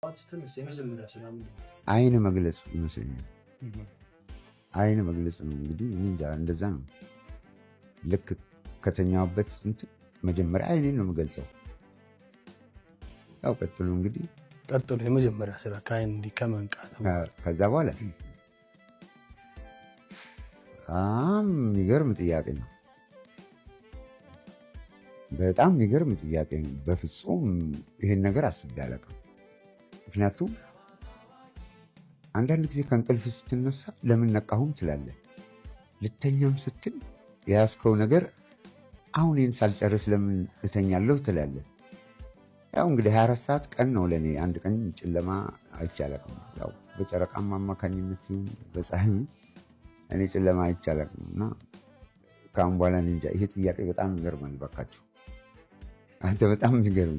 አይን መግለጽ ይመስለኛል። አይን መግለጽ ነው እንግዲህ እንጃ፣ እንደዛ ነው። ልክ ከተኛውበት ስንት መጀመሪያ አይኔ ነው የምገልጸው። ያው ቀጥሎ እንግዲህ ቀጥሎ የመጀመሪያ ስራ ከአይን እንዲህ ከመንቃት ከዛ በኋላ በጣም የሚገርም ጥያቄ ነው። በጣም የሚገርም ጥያቄ ነው። በፍጹም ይህን ነገር አስቤ አላውቅም። ምክንያቱም አንዳንድ ጊዜ ከእንቅልፍ ስትነሳ ለምን ነቃሁም ትላለህ። ልተኛም ስትል የያዝከው ነገር አሁን ይህን ሳልጨርስ ለምን እተኛለሁ ትላለህ። ያው እንግዲህ 24 ሰዓት ቀን ነው ለእኔ። አንድ ቀን ጨለማ አይቻለቅም። ያው በጨረቃም አማካኝነት በፀሐይ እኔ ጨለማ አይቻለቅም እና ከአሁን በኋላ እንጃ። ይሄ ጥያቄ በጣም ይገርማል። ባካችሁ አንተ በጣም ይገርም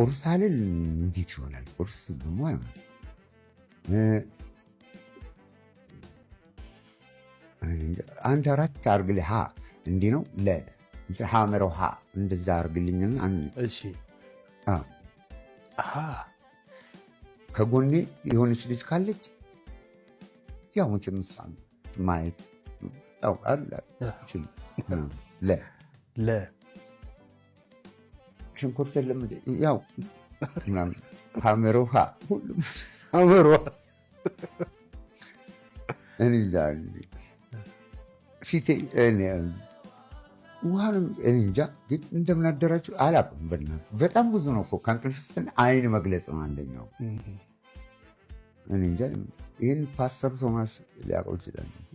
ቁርስ አልል እንዴት ይሆናል? ቁርስ ደግሞ አይሆንም። አንድ አራት አርግል ሀ እንዲህ ነው ለ ሀመረው ሀ እንደዛ አርግልኝና ከጎኔ የሆነች ልጅ ካለች ያው መቼም እሷን ማየት ለ ለ ሽንኩርት የለም ያው ሀመር ውሃ ሁሉም ሀመር ውሃ እንጃ ፊቴ ውሃንም እንጃ ግን እንደምን አደራችሁ አላቅም በእናትህ በጣም ብዙ ነው እኮ ከእንቅልፍ ስትን አይን መግለጽ ነው አንደኛው። እንጃ ይህን ፓስተር ቶማስ ሊያውቀው ይችላል።